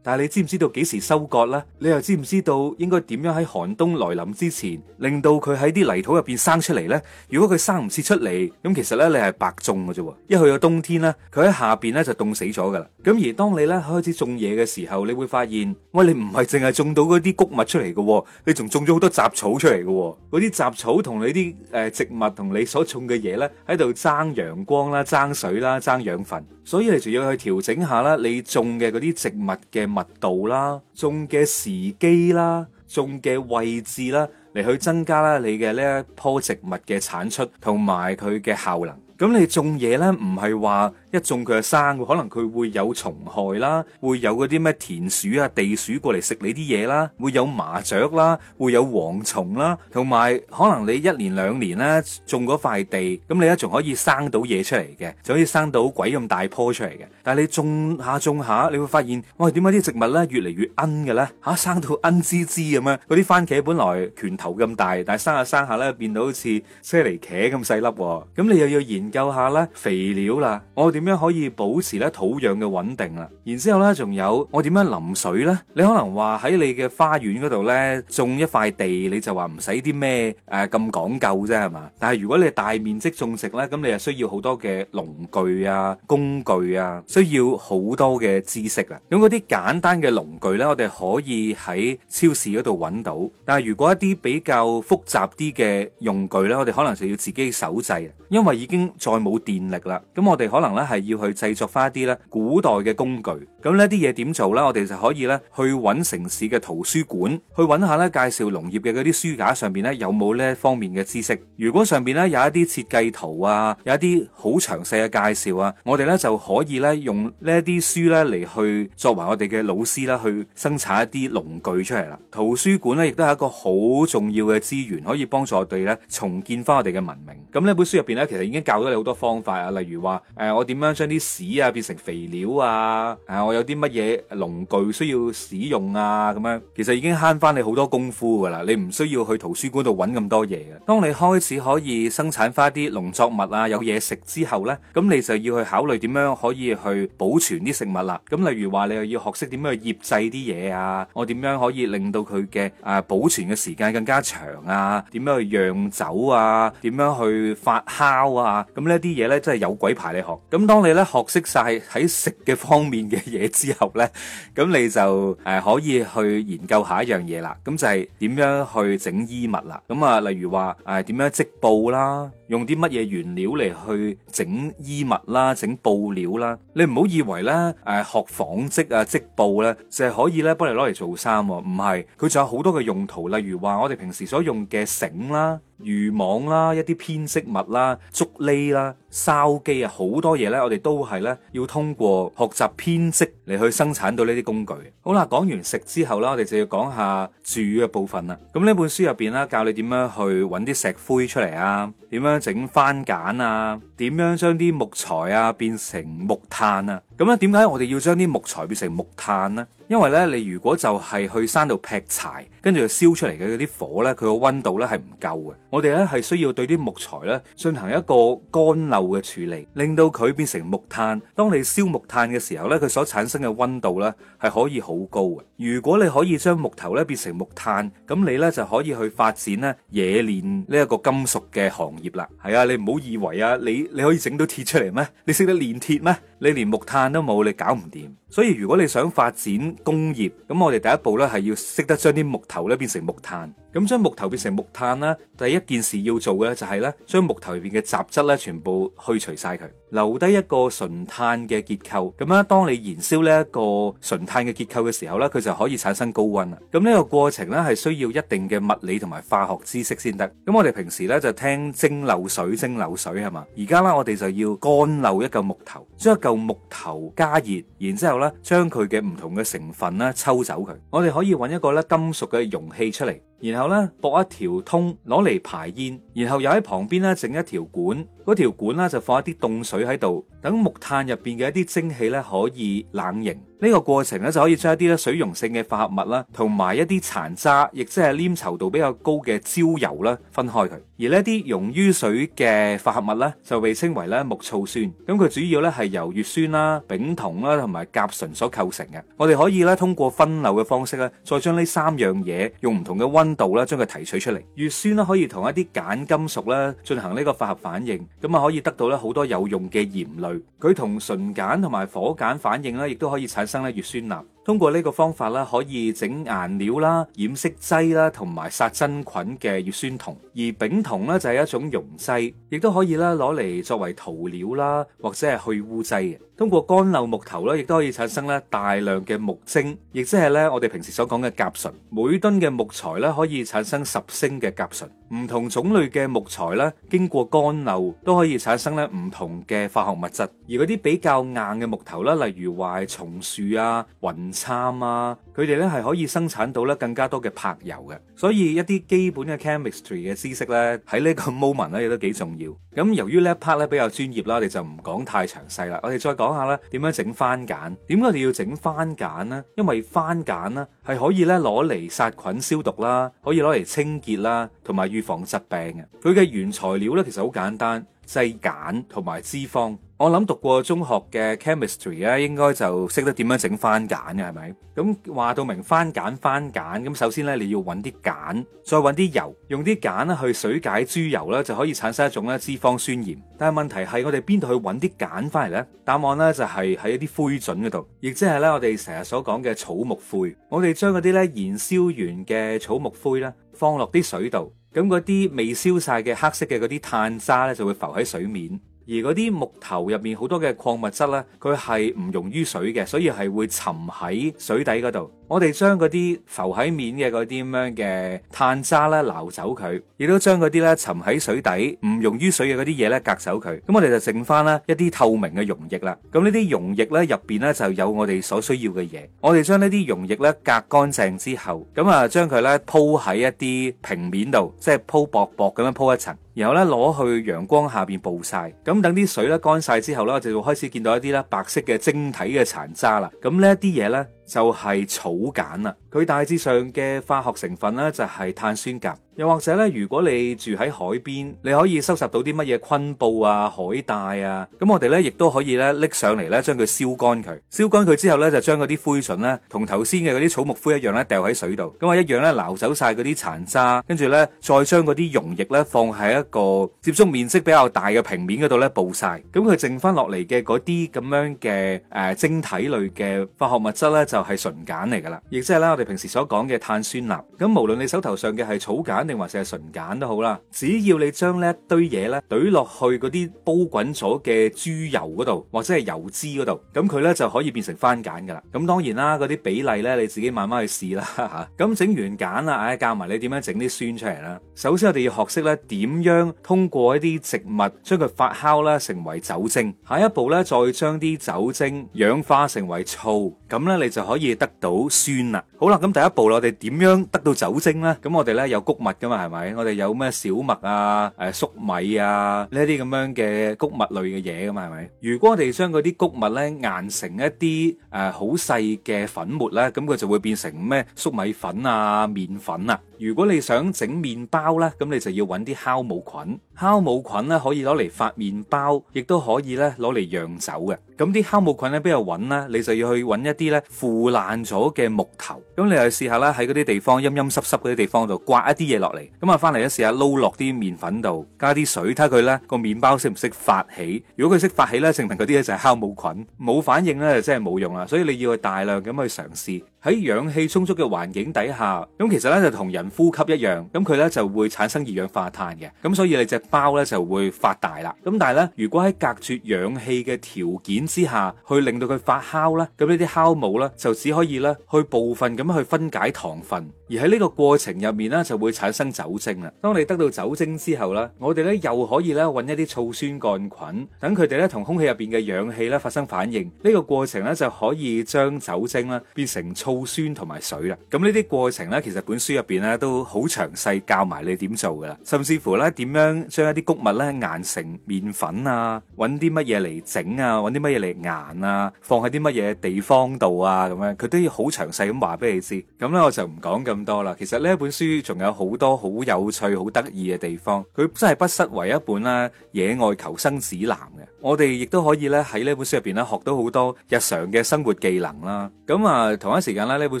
但係你知唔知道幾時收割呢？你又知唔知道應該點樣喺寒冬來臨之前，令到佢喺啲泥土入邊生出嚟呢？如果佢生唔切出嚟，咁其實呢你係白種㗎啫。一去到冬天呢，佢喺下邊呢就凍死咗噶啦。咁而當你呢開始種嘢嘅時候，你會發現，喂，你唔係淨係種到嗰啲穀物出嚟嘅，你仲種咗好多雜草出嚟嘅。嗰啲雜草同你啲誒植物同你所種嘅嘢呢，喺度爭陽光啦、爭水啦、爭養分。所以你就要去調整下啦，你種嘅嗰啲植物嘅。密度啦，種嘅時機啦，種嘅位置啦，嚟去增加啦你嘅呢一棵植物嘅產出同埋佢嘅效能。咁你種嘢咧，唔係話一種佢就生，可能佢會有蟲害啦，會有嗰啲咩田鼠啊、地鼠過嚟食你啲嘢啦，會有麻雀啦，會有蝗蟲啦，同埋可能你一年兩年咧種嗰塊地，咁你咧仲可以生到嘢出嚟嘅，就可以生到鬼咁大棵出嚟嘅。但係你種下種下，你會發現，喂、哎，點解啲植物咧越嚟越奀嘅咧？吓、啊，生到奀滋滋咁樣，嗰啲番茄本來拳頭咁大，但係生下生下咧變到好似車厘茄咁細粒，咁你又要研究。研究下咧肥料啦，我點樣可以保持咧土壤嘅穩定啊？然之後咧，仲有我點樣淋水咧？你可能話喺你嘅花園嗰度咧，種一塊地你就話唔使啲咩誒咁講究啫係嘛？但係如果你大面積種植咧，咁你又需要好多嘅農具啊、工具啊，需要好多嘅知識啊，咁嗰啲簡單嘅農具咧，我哋可以喺超市嗰度揾到。但係如果一啲比較複雜啲嘅用具咧，我哋可能就要自己手製，因為已經，再冇電力啦，咁我哋可能呢係要去製作翻一啲呢古代嘅工具，咁呢啲嘢點做呢？我哋就可以呢去揾城市嘅圖書館，去揾下呢介紹農業嘅嗰啲書架上面呢有冇呢一方面嘅知識。如果上面呢有一啲設計圖啊，有一啲好詳細嘅介紹啊，我哋呢就可以呢用呢一啲書呢嚟去作為我哋嘅老師啦，去生產一啲農具出嚟啦。圖書館呢亦都係一個好重要嘅資源，可以幫助我哋呢重建翻我哋嘅文明。咁呢本書入邊呢，其實已經教。你好多方法啊，例如話誒、呃，我點樣將啲屎啊變成肥料啊？啊，我有啲乜嘢農具需要使用啊？咁樣其實已經慳翻你好多功夫噶啦，你唔需要去圖書館度搵咁多嘢嘅。當你開始可以生產翻啲農作物啊，有嘢食之後咧，咁你就要去考慮點樣可以去保存啲食物啦。咁例如話你又要學識點樣去醃製啲嘢啊？我點樣可以令到佢嘅誒保存嘅時間更加長啊？點樣去釀酒啊？點樣去發酵啊？咁呢啲嘢呢，真係有鬼牌你。你學。咁當你咧學識晒喺食嘅方面嘅嘢之後呢，咁你就誒可以去研究一下一樣嘢啦。咁就係點樣去整衣物啦。咁啊，例如話誒點樣織布啦，用啲乜嘢原料嚟去整衣物啦、整布料啦。你唔好以為呢，誒學紡織啊、織布呢，就係可以咧幫你攞嚟做衫。唔係，佢仲有好多嘅用途。例如話，我哋平時所用嘅繩啦。漁網啦，一啲編織物啦，竹笠啦，筲箕啊，好多嘢呢。我哋都係呢，要通過學習編織嚟去生產到呢啲工具。好啦，講完食之後啦，我哋就要講下煮嘅部分啦。咁呢本書入邊啦，教你點樣去揾啲石灰出嚟啊！點樣整番簡啊？點樣將啲木材啊變成木炭啊？咁咧點解我哋要將啲木材變成木炭呢？因為呢，你如果就係去山度劈柴，跟住燒出嚟嘅嗰啲火呢，佢個溫度呢係唔夠嘅。我哋呢係需要對啲木材呢進行一個乾竇嘅處理，令到佢變成木炭。當你燒木炭嘅時候呢，佢所產生嘅溫度呢係可以好高嘅。如果你可以將木頭呢變成木炭，咁你呢就可以去發展呢冶煉呢一個金屬嘅行業啦，係啊，你唔好以為啊，你你可以整到鐵出嚟咩？你識得煉鐵咩？你連木炭都冇，你搞唔掂。所以如果你想發展工業，咁我哋第一步呢係要識得將啲木頭咧變成木炭。咁將木頭變成木炭啦，第一件事要做嘅就係呢：將木頭入邊嘅雜質呢全部去除晒佢，留低一個純碳嘅結構。咁咧，當你燃燒呢一個純碳嘅結構嘅時候呢，佢就可以產生高溫啦。咁呢個過程呢，係需要一定嘅物理同埋化學知識先得。咁我哋平時呢，就聽蒸餾水，蒸餾水係嘛？而家呢，我哋就要乾餾一嚿木頭，將用木頭加熱，然之後咧將佢嘅唔同嘅成分咧抽走佢。我哋可以揾一個咧金屬嘅容器出嚟。然後咧，駁一條通攞嚟排煙，然後又喺旁邊咧整一條管，嗰條管咧就放一啲凍水喺度，等木炭入邊嘅一啲蒸汽咧可以冷凝，呢個過程咧就可以將一啲咧水溶性嘅化合物啦，同埋一啲殘渣，亦即係粘稠度比較高嘅焦油啦分開佢。而呢啲溶於水嘅化合物咧，就被稱為咧木醋酸。咁佢主要咧係由乙酸啦、丙酮啦同埋甲醇所構成嘅。我哋可以咧通過分流嘅方式咧，再將呢三樣嘢用唔同嘅溫溫度咧，將佢提取出嚟。乙酸咧，可以同一啲鹼金屬咧，進行呢個化合反應，咁啊，可以得到咧好多有用嘅鹽類。佢同純鹼同埋火鹼反應咧，亦都可以產生咧乙酸鈉。通過呢個方法咧，可以整顏料啦、染色劑啦，同埋殺真菌嘅乙酸銅。而丙酮咧就係一種溶劑，亦都可以咧攞嚟作為塗料啦，或者係去污劑嘅。通過乾餾木頭咧，亦都可以產生咧大量嘅木精，亦即係咧我哋平時所講嘅甲醇。每噸嘅木材咧可以產生十升嘅甲醇。唔同種類嘅木材啦，經過乾餾都可以產生咧唔同嘅化學物質。而嗰啲比較硬嘅木頭啦，例如話松樹啊、雲杉啊，佢哋咧係可以生產到咧更加多嘅柏油嘅。所以一啲基本嘅 chemistry 嘅知識咧，喺呢個 moment 咧亦都幾重要。咁由於呢一 part 咧比較專業啦，我哋就唔講太詳細啦。我哋再講下咧點樣整番梘？點解我哋要整番梘咧？因為番梘咧係可以咧攞嚟殺菌消毒啦，可以攞嚟清潔啦，同埋，預防疾病嘅。佢嘅原材料呢，其實好簡單，製鹼同埋脂肪。我諗讀過中學嘅 chemistry 咧，應該就識得點樣整番梘嘅，係咪？咁話到明番梘番梘，咁首先呢，你要揾啲鹼，再揾啲油，用啲鹼去水解豬油呢，就可以產生一種咧脂肪酸鹽。但係問題係，我哋邊度去揾啲鹼翻嚟呢？答案呢，就係喺一啲灰燼嗰度，亦即係呢，我哋成日所講嘅草木灰。我哋將嗰啲呢燃燒完嘅草木灰呢，放落啲水度。咁嗰啲未燒晒嘅黑色嘅嗰啲碳渣咧，就會浮喺水面。而嗰啲木頭入面好多嘅礦物質呢，佢係唔溶於水嘅，所以係會沉喺水底嗰度。我哋將嗰啲浮喺面嘅嗰啲咁樣嘅碳渣呢，撈走佢，亦都將嗰啲呢沉喺水底唔溶於水嘅嗰啲嘢呢，隔走佢。咁我哋就剩返呢一啲透明嘅溶液啦。咁呢啲溶液呢入邊呢就有我哋所需要嘅嘢。我哋將呢啲溶液呢隔乾淨之後，咁啊將佢呢鋪喺一啲平面度，即係鋪薄薄咁樣鋪一層。然後咧攞去陽光下面曝曬，咁等啲水咧乾晒之後咧，就會開始見到一啲白色嘅晶體嘅殘渣啦。咁呢啲嘢咧？就係草鹼啊！佢大致上嘅化學成分呢，就係、是、碳酸鉀，又或者呢，如果你住喺海邊，你可以收集到啲乜嘢昆布啊、海帶啊，咁我哋呢，亦都可以呢拎上嚟呢，將佢燒乾佢，燒乾佢之後呢，就將嗰啲灰燼呢，同頭先嘅嗰啲草木灰一樣呢，掉喺水度，咁啊一樣呢，撈走晒嗰啲殘渣，跟住呢，再將嗰啲溶液呢，放喺一個接觸面積比較大嘅平面嗰度呢，曝晒。咁佢剩翻落嚟嘅嗰啲咁樣嘅誒晶體類嘅化學物質呢。就是就係純鹼嚟噶啦，亦即係咧，我哋平時所講嘅碳酸鈉。咁無論你手頭上嘅係草鹼定還是係純鹼都好啦，只要你將呢一堆嘢咧懟落去嗰啲煲滾咗嘅豬油嗰度，或者係油脂嗰度，咁佢咧就可以變成番鹼噶啦。咁當然啦，嗰啲比例咧你自己慢慢去試啦吓。咁 整完鹼啦，唉、哎，教埋你點樣整啲酸出嚟啦。首先我哋要學識咧點樣通過一啲植物將佢發酵咧成為酒精，下一步咧再將啲酒精氧化成為醋，咁咧你就。可以得到酸啦。好啦，咁第一步我哋點樣得到酒精咧？咁我哋咧有穀物噶嘛，係咪？我哋有咩小麥啊、誒粟米啊呢一啲咁樣嘅穀物類嘅嘢噶嘛，係咪？如果我哋將嗰啲穀物咧研成一啲誒好細嘅粉末咧，咁佢就會變成咩粟米粉啊、麵粉啊。如果你想整麵包咧，咁你就要搵啲酵母菌。酵母菌咧可以攞嚟發麵包，亦都可以咧攞嚟釀酒嘅。咁啲酵母菌咧邊度搵咧？你就要去搵一啲咧腐爛咗嘅木頭。咁你又試下啦，喺嗰啲地方陰陰濕濕嗰啲地方度刮一啲嘢落嚟，咁啊翻嚟咧試下撈落啲麵粉度，加啲水睇下佢咧個麵包識唔識發起？如果佢識發起咧，證明嗰啲咧就係酵母菌，冇反應咧就真係冇用啦。所以你要去大量咁去嘗試。喺氧氣充足嘅環境底下，咁其實咧就同人呼吸一樣，咁佢咧就會產生二氧化碳嘅，咁所以你隻包咧就會發大啦。咁但係咧，如果喺隔絕氧氣嘅條件之下，去令到佢發酵咧，咁呢啲酵母咧就只可以咧去部分咁樣去分解糖分。而喺呢個過程入面咧，就會產生酒精啦。當你得到酒精之後咧，我哋咧又可以咧揾一啲醋酸桿菌，等佢哋咧同空氣入邊嘅氧氣咧發生反應，呢個過程咧就可以將酒精咧變成醋酸同埋水啦。咁呢啲過程咧，其實本書入邊咧都好詳細教埋你點做噶啦，甚至乎咧點樣將一啲谷物咧研成麵粉啊，揾啲乜嘢嚟整啊，揾啲乜嘢嚟研啊，放喺啲乜嘢地方度啊，咁樣佢都要好詳細咁話俾你知。咁咧我就唔講咁咁多啦，其實，呢一本書仲有好多好有趣、好得意嘅地方，佢真係不失為一本啦野外求生指南嘅。我哋亦都可以咧喺呢本書入邊咧學到好多日常嘅生活技能啦。咁啊，同一時間咧呢本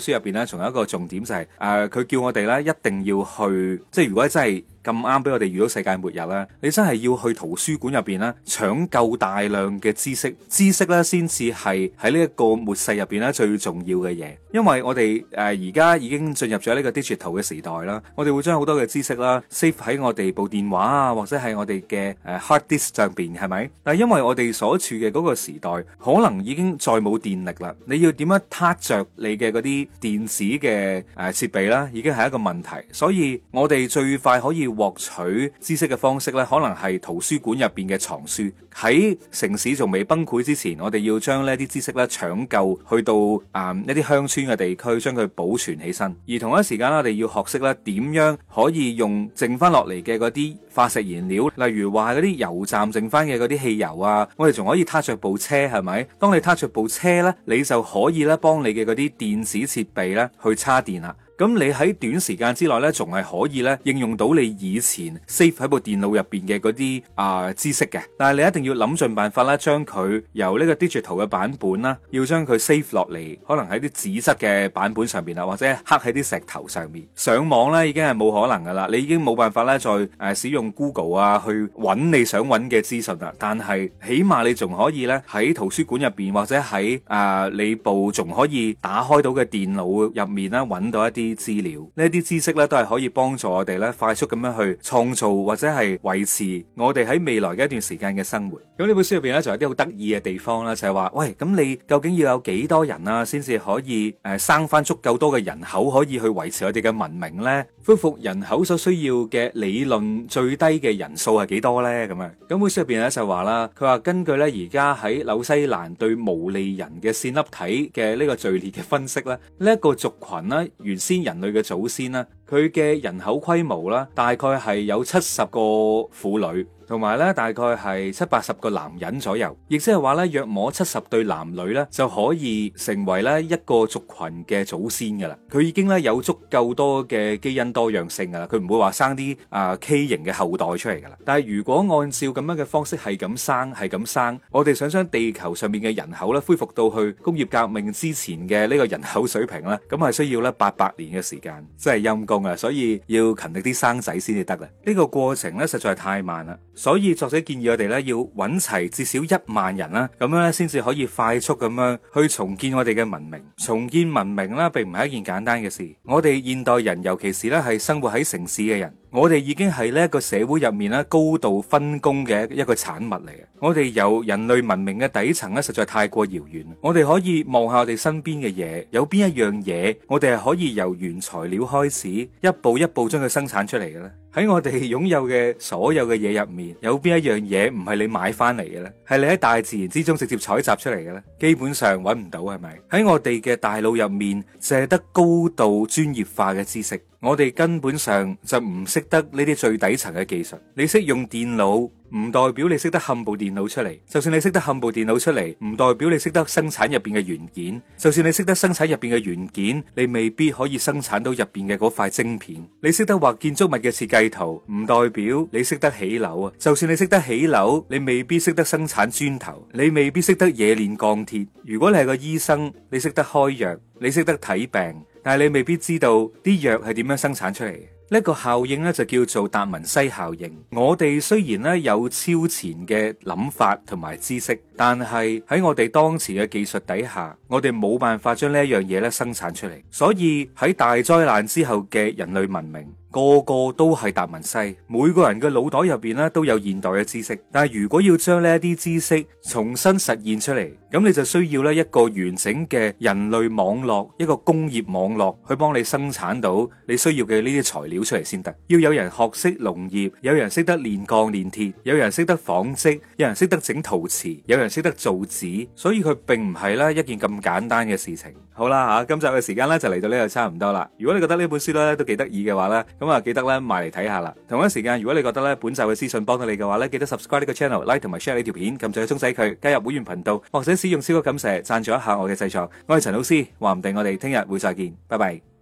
書入邊咧仲有一個重點就係誒，佢叫我哋咧一定要去，即係如果真係咁啱俾我哋遇到世界末日咧，你真係要去圖書館入邊咧搶救大量嘅知識，知識咧先至係喺呢一個末世入邊咧最重要嘅嘢。因為我哋誒而家已經進入咗呢個 digital 嘅時代啦，我哋會將好多嘅知識啦 save 喺我哋部電話啊，或者係我哋嘅誒 hard disk 上邊，係咪？但係因為我哋所處嘅嗰個時代，可能已經再冇電力啦。你要點樣撻着你嘅嗰啲電子嘅誒設備咧，已經係一個問題。所以，我哋最快可以獲取知識嘅方式呢，可能係圖書館入邊嘅藏書。喺城市仲未崩潰之前，我哋要將呢啲知識咧搶救去到誒、呃、一啲鄉村嘅地區，將佢保存起身。而同一時間，我哋要學識咧點樣可以用剩翻落嚟嘅嗰啲化石燃料，例如話嗰啲油站剩翻嘅嗰啲汽油啊。話我哋仲可以撻着部車，係咪？當你撻着部車咧，你就可以咧幫你嘅嗰啲電子設備咧去叉電啦。咁你喺短時間之內呢，仲係可以咧應用到你以前 save 喺部電腦入邊嘅嗰啲啊知識嘅。但係你一定要諗盡辦法啦，將佢由呢個 digital 嘅版本啦，要將佢 save 落嚟，可能喺啲紙質嘅版本上面啊，或者刻喺啲石頭上面。上網呢已經係冇可能㗎啦，你已經冇辦法咧再誒、呃、使用 Google 啊去揾你想揾嘅資訊啦。但係起碼你仲可以呢，喺圖書館入邊，或者喺啊、呃、你部仲可以打開到嘅電腦入面啦，揾到一啲。啲資料呢啲知識咧，都係可以幫助我哋咧快速咁樣去創造或者係維持我哋喺未來嘅一段時間嘅生活。咁呢本書入邊咧，仲有啲好得意嘅地方啦，就係話喂，咁你究竟要有幾多人啊，先至可以誒生翻足夠多嘅人口，可以去維持我哋嘅文明呢？」「恢復人口所需要嘅理論最低嘅人數係幾多呢？」咁樣咁本書入邊咧就話啦，佢話根據咧而家喺紐西蘭對毛利人嘅線粒體嘅呢個序列嘅分析咧，呢一個族群呢，原先。人類嘅祖先啦。佢嘅人口規模啦，大概係有七十個婦女，同埋咧大概係七八十個男人左右，亦即係話咧，約摸七十對男女咧，就可以成為咧一個族群嘅祖先噶啦。佢已經咧有足夠多嘅基因多樣性噶啦，佢唔會話生啲啊畸形嘅後代出嚟噶啦。但係如果按照咁樣嘅方式係咁生係咁生，我哋想將地球上面嘅人口咧恢復到去工業革命之前嘅呢個人口水平咧，咁係需要咧八百年嘅時間，即係陰公。所以要勤力啲生仔先至得啦，呢個過程咧實在太慢啦，所以作者建議我哋咧要揾齊至少一萬人啦，咁樣咧先至可以快速咁樣去重建我哋嘅文明。重建文明咧並唔係一件簡單嘅事，我哋現代人尤其是咧係生活喺城市嘅人。我哋已經係呢個社會入面咧高度分工嘅一個產物嚟嘅。我哋由人類文明嘅底層咧實在太過遙遠。我哋可以望下我哋身邊嘅嘢，有邊一樣嘢我哋係可以由原材料開始，一步一步將佢生產出嚟嘅咧？喺我哋擁有嘅所有嘅嘢入面，有邊一樣嘢唔係你買翻嚟嘅咧？係你喺大自然之中直接採集出嚟嘅咧？基本上揾唔到係咪？喺我哋嘅大腦入面，淨係得高度專業化嘅知識，我哋根本上就唔識得呢啲最底層嘅技術。你識用電腦？唔代表你識得冚部電腦出嚟，就算你識得冚部電腦出嚟，唔代表你識得生產入邊嘅元件，就算你識得生產入邊嘅元件，你未必可以生產到入邊嘅嗰塊晶片。你識得畫建築物嘅設計圖，唔代表你識得起樓啊，就算你識得起樓，你未必識得生產磚頭，你未必識得冶煉鋼鐵。如果你係個醫生，你識得開藥，你識得睇病，但係你未必知道啲藥係點樣生產出嚟。呢個效應咧就叫做達文西效應。我哋雖然咧有超前嘅諗法同埋知識，但係喺我哋當時嘅技術底下，我哋冇辦法將呢一樣嘢咧生產出嚟。所以喺大災難之後嘅人類文明，個個都係達文西，每個人嘅腦袋入邊咧都有現代嘅知識。但係如果要將呢一啲知識重新實現出嚟，咁你就需要咧一個完整嘅人類網絡，一個工業網絡去幫你生產到你需要嘅呢啲材料出嚟先得。要有人學識農業，有人識得煉鋼煉鐵，有人識得紡織，有人識得整陶瓷，有人識得造紙。所以佢並唔係咧一件咁簡單嘅事情。好啦，吓今集嘅時間咧就嚟到呢度差唔多啦。如果你覺得呢本書咧都幾得意嘅話咧，咁啊，記得咧，埋嚟睇下啦。同一時間，如果你覺得咧本集嘅資訊幫到你嘅話咧，記得 subscribe 呢個 channel，like 同埋 share 呢條片，撳住去沖洗佢，加入會員頻道，或者使用超級感謝贊助，助一下我嘅製作。我係陳老 C，話唔定我哋聽日會再見，拜拜。